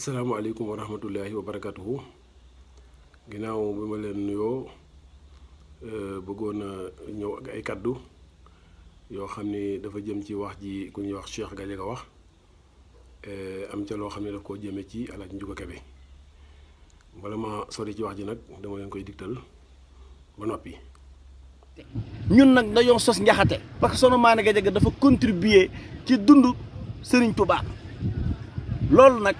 asalaamaaleykum wa rahmatullahi wa barakatuhu ginnaaw bi ma leen nuyoo euh, bëggoon ñëw ak ay kaddu yoo xam ni dafa jëm ci wax ji ku ñuy wax Cheikh Gadiaga wax euh, am ca loo xam ne daf koo jëme ci alaaj Njuga bi bala ma sori ci wax ji nag dama leen koy digtal ba noppi ñun nag dañoo sos njaxate parce que Soxna Mané Gadiaga dafa contribuer ci dund Sëriñ Tuubaa loolu nag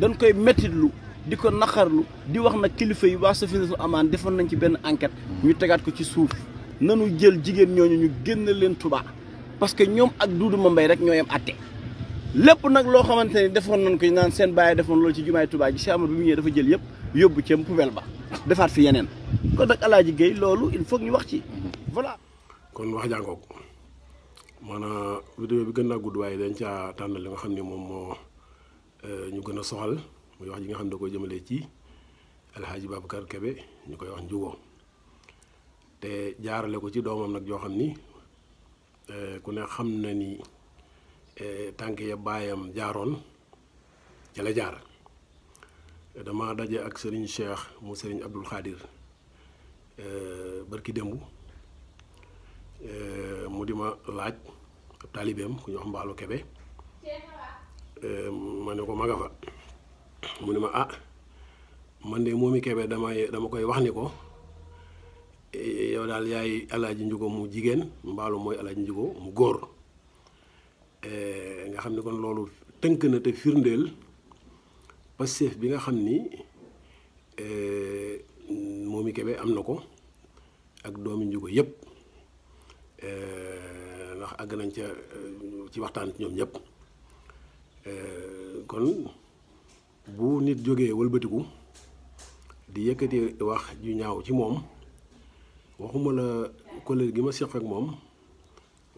dañ koy mettitlu di ko naqarlu di wax na kilifa yi waa Safinatul Amaan defoon nañ ci benn enquête ñu tegaat ko ci suuf nanu jël jigéen ñooñu ñu génn leen Touba parce que ñoom ak Duudu mbay rek ñoo am àtte lépp nag loo xamante ni defoon nañ ko naan seen bàyyi defoon loolu ci jumaay tubaa ji si amar bi mu ñëwee dafa jël yëpp yóbbu ca poubelle ba defaat fi yeneen kon nag Alaaji Géey loolu il faut ñu wax ci voilà kon wax jàngoog maanaam vidéo bi gën naa gudd waaye dañ caa tànn li nga moom moo Euh, ñu gën a soxal muy wax ji nga xam ne da koy jëmale ci alxaaji Babacar Kebe ñu koy wax njugo te jaarale ko ci doomam nag joo xam ni euh, ku ne xam na ni euh, tànk ya baayam jaaroon ca la jaar dama daje ak sëriñ Cheikh mu sëriñ Abdul Xaadir barki démb mu di ma laaj ab taalibeem ku ñu wax mbaalu Kebe ma ne ko ma mu ne ma ah man de moomi Kébé dama dama koy wax ni ko eh, yow daal yaay alaaji njugo mu jigéen mbaalu mooy alaaji njugo mu góor eh, nga xam ne kon loolu tënk na te firndeel Pastef bi nga xam ni eh, moomi Kébé am na ko ak doomi njugo yëpp ndax àgg nañ ca ci waxtaan ñoom ñëpp Euh, kon bu nit jógee walbatiku di yëkkati wax ju ñaaw ci moom waxuma la collègue gi ma séq ak moom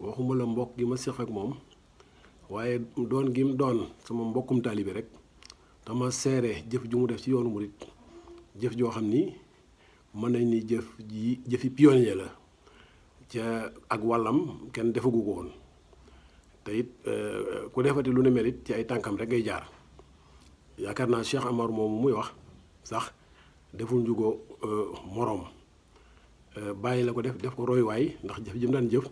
waxuma la mbokk gi ma séq ak moom waaye doon gi doon sama mbokkum taalibe rek dama seere jëf ju mu def ci yoonu murit jëf joo xam ni mën nañ ni jëf ji jëfi pionnier la ca ak wàllam kenn defagu ko woon te it euh, euh, ku defati lu ne mel it ci ay tànkam rek ngay jaar yaakaar naa Cheikh Amar moomu muy wax sax deful njugoo euh, moroom bàyyi la ko def def ko royuwaay ndax jëf jëm daan jëf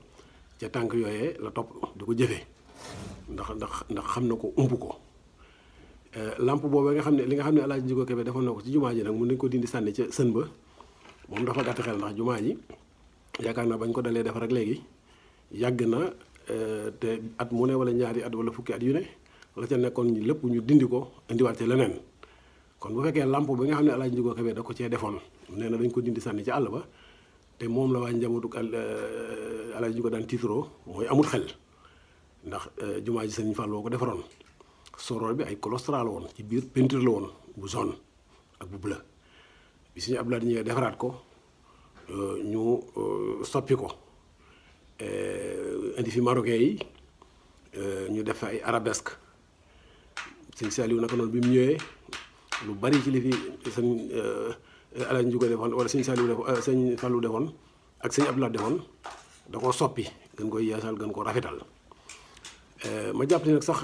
ca tànk yooyee la topp di ko jëfe ndax ndax ndax xam na ko ump ko lamp boobu nga xam ne li nga xam ne Alaaji Njigo Kebe defoon na ko ci jumaa ji nag mun nañ ko dindi sànni ca sën ba moom dafa gàtt xel ndax jumaa ji yaakaar naa bañ ko dalee def rek léegi yàgg na Euh, te at mu ne wala ñaari at wala fukki at yu ne la ca nekkoon lépp ñu dindi ko indiwaat ci leneen kon bu fekkee làmp bi nga xam ne El Hadj Ndiouga Kébé da ko cee defoon nee na dañ ko dindi sànni ci àll ba te moom la waa njabootu El Hadj euh, Ndiouga daan tiitaroo mooy amul xel ndax euh, jumaa ji Sëriñ Fallou ko defaroon soroor bi ay colostra woon ci biir peinture woon bu jaune ak bu bleu bi suñu Abdoulaye ñëwee defaraat ko ñu soppi ko. indi fi marocain yi euh, ñu def ay arabesque sëñ Saliou naka noonu bi mu ñëwee lu bari ci li fi sëñ euh, Alaaji Njugo defoon wala sëñ Saliou defoon euh, sëñ Fallou defoon ak sëñ Abdoulaye defoon da koo soppi gën koy yeesal gën ko rafetal ma jàpp ni nag sax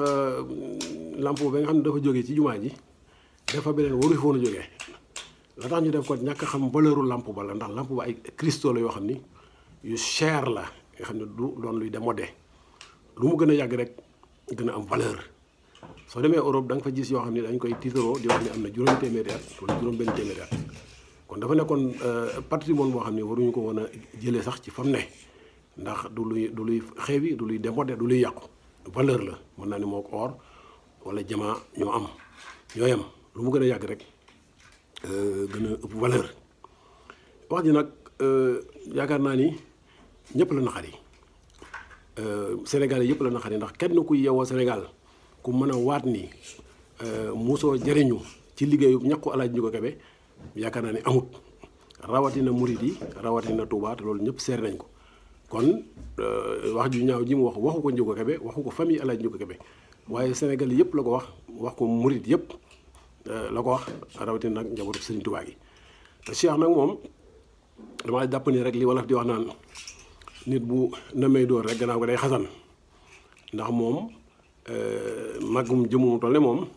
lampo ba nga xam ne dafa jóge ci jumaa ji dafa beneen waru foon a jógee la tax ñu def ko ñàkk xam valeuru lamp ba la ndax lamp ba ay cristaux la yoo xam ni yu cher la nga xam ne du doon luy démodé lu mu gën a yàgg rek gën a am valeur soo demee Europe da nga fa gis yoo xam ne dañ koy tiitaroo di wax ne am na juróom téeméeri at wala juróom benn kon dafa nekkoon euh, patrimoine boo xam ne waruñu ko woon jëlee sax ci fam ne ndax du luy du luy xeewi du luy démodé du luy yàqu valeur la mën naa ne moo ko or wala jamaa ñoo am ñooyam lu mu gën a yàgg rek euh, gën a ëpp valeur wax ji nag euh, yaakaar naa ni ñëpp la naqari euh, Sénégal yëpp la naqari ndax kenn ku yeewoo Sénégal ku mën a waat ni euh, muusoo jariñu ci liggéeyu ñàkku alaaj ñu ko kebe yaakaar naa ne amut rawatina murit yi rawatina Touba te loolu ñëpp seer nañ ko kon euh, wax ju ñaaw ñi mu wax waxu ko Ndiouga Kébé waxu ko famille alaaj Ndiouga Kébé waaye Sénégal yëpp la ko wax wax ko murit yëpp la ko wax rawatina nag njabootu Serigne Touba gi te Cheikh nag moom damaa jàpp ni rek li wolof di wax naan nit bu namee dóor rek gannaaw ko day xasan ndax moom euh, màggum jëmum toll ne moom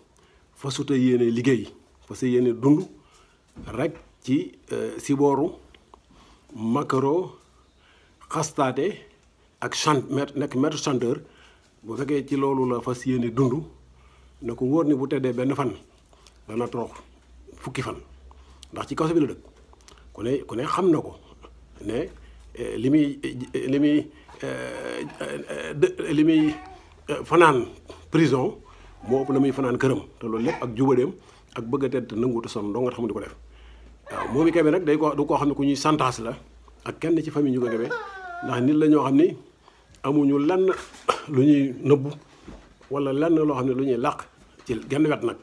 fa sute yéene liggéey fa sa yéene dund rek ci euh, sibooru makaro xastaate ak chante nekk maître chanteur bu fekkee ci loolu la fas yéene dund na ko wóor ni bu teddee benn fan dana torox fukki fan ndax ci kaso bi la dëkk ku ne ku ne xam na ko ne li muy li muy li muy fanaan prison moo ëpp na muy fanaan këram te loolu lépp ak jubadeem ak bëgg tedd te nanguwut a sonn doo nga xam ne di ko def waaw moom it nag day ko koo xam ne ku ñuy santaas la ak kenn ci famille ñu ko kebe ndax nit la ñoo xam ni amuñu lan lu ñuy nëbbu wala lenn loo xam ne lu ñuy làq ci genn wet nag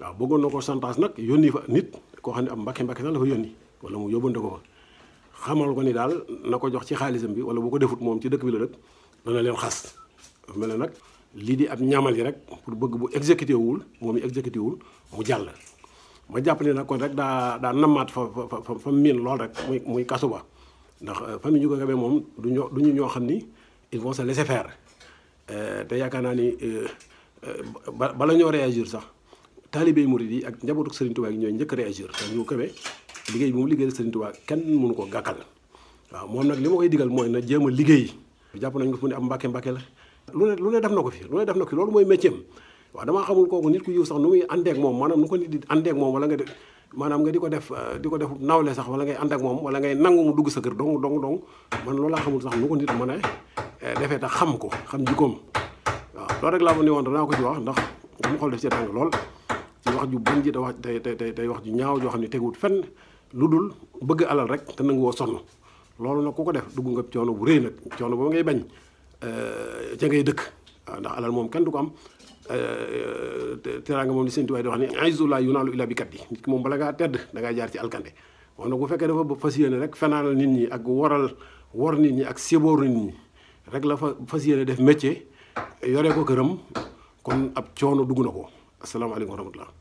waaw bëggoon na ko santaas nag yónni fa nit koo xam ne am mbàkke mbàkke sax la fa yónni wala mu yóbbante ko fa xamal ko ni daal na ko jox ci xaalisam bi wala boo ko defut moom ci dëkk bi la dëkk dana leen xas mel ne nag lii di ab ñaamal yi rek pour bëgg bu exécuté wul moom yi exécuté wul mu jàll ma jàpp ne nag ko rek daa daa nammaat fa fa fa miin lool rek muy muy kasu ba ndax euh, famille ko Kébé moom du ñu du ñu ñoo xam ni ils vont se laisser faire euh, te yaakaar naa ni euh, bala ñoo réagir sax taalibe mu yi ak njabootu Serigne Touba ak ñooy njëkk réagir te Ndiouga Kébé liggéey bi mu liggéeyal Serigne Touba kenn mënu ko gàkkal waaw moom nag li ma koy digal mooy na jéem a liggéey jàpp nañ ko fu ne am mbàkke mbàkke la lu ne lu ne def na ko fi lu ne def na ko fi loolu mooy métier am waaw damaa xamul kooku nit ku sax nu muy àndeek moom maanaam nu ko nit di àndeek moom de maanaam nga di ko def euh, di ko def nawle sax wala ngay ànd ak moom wala ngay nangu mu dugg sa kër dong dong dong man loolu laa xamul sax nu ko nit mën a euh, defee tax xam ko xam jikkoom waaw loolu rek laa ma ne woon danaa ko ci wax ndax bu mu xool def ci tàng lool ci wax ju bon ji te wax tey tey tey wax ju ñaaw joo xam ne teguwut fenn lu dul bëgg alal rek te nanguwoo sonn loolu nag ku ko def dugg nga coono bu rëy nag coono boobu ngay bañ euh, ca ngay dëkk waaw ndax alal moom kenn du ko am euh, teraanga moom li seen tuwaay di wax ni aizullah yunaalu illa bi kat yi nit ki moom bala ngaa tedd da jaar ci alkande wax na bu fekkee dafa fas yéene rek fenaanal nit ñi ak waral wor nit ñi ak sibooru nit ñi rek la fa fas yéene def métier yore ko këram kon ab coono dugg na ko asalaamaaleykum wa rahmatullah